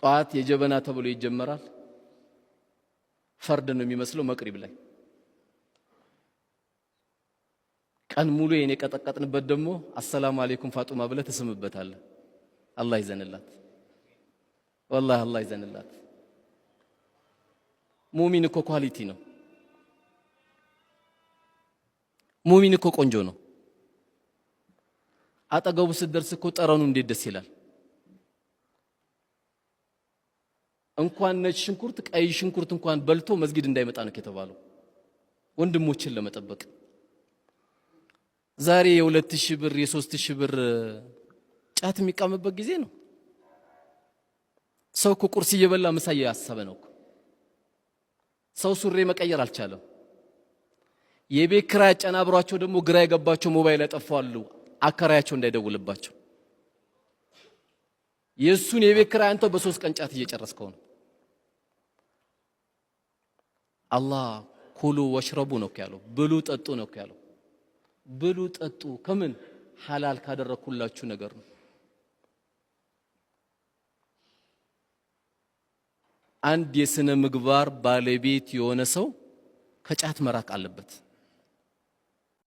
ጠዋት የጀበና ተብሎ ይጀመራል። ፈርድ ነው የሚመስለው መቅሪብ ላይ ቀን ሙሉ የኔ ቀጠቀጥንበት ደግሞ አሰላሙ አሌይኩም ፋጡማ ብለ ትስምበታለ። አላህ ይዘንላት፣ ወላሂ አላህ ይዘንላት። ሙሚን እኮ ኳሊቲ ነው። ሙሚን እኮ ቆንጆ ነው። አጠገቡ ስትደርስ እኮ ጠረኑ እንዴት ደስ ይላል። እንኳን ነጭ ሽንኩርት ቀይ ሽንኩርት እንኳን በልቶ መስጊድ እንዳይመጣ ነው የተባለው ወንድሞችን ለመጠበቅ። ዛሬ የሁለት ሺህ ብር የሶስት ሺህ ብር ጫት የሚቃምበት ጊዜ ነው። ሰው እኮ ቁርስ እየበላ ምሳ ያሰበ ነው። ሰው ሱሬ መቀየር አልቻለም። የቤት ኪራይ አጨናብሯቸው ደግሞ ግራ የገባቸው ሞባይል ያጠፋሉ፣ አከራያቸው እንዳይደውልባቸው። የእሱን የቤት ክራ አንተው በሶስት ቀን ጫት እየጨረስከው ነው። አላህ ኩሉ ወሽረቡ ነው ያለው። ብሉ ጠጡ ነው ያለው። ብሉ ጠጡ ከምን ሐላል ካደረኩላችሁ ነገር ነው። አንድ የስነ ምግባር ባለቤት የሆነ ሰው ከጫት መራቅ አለበት።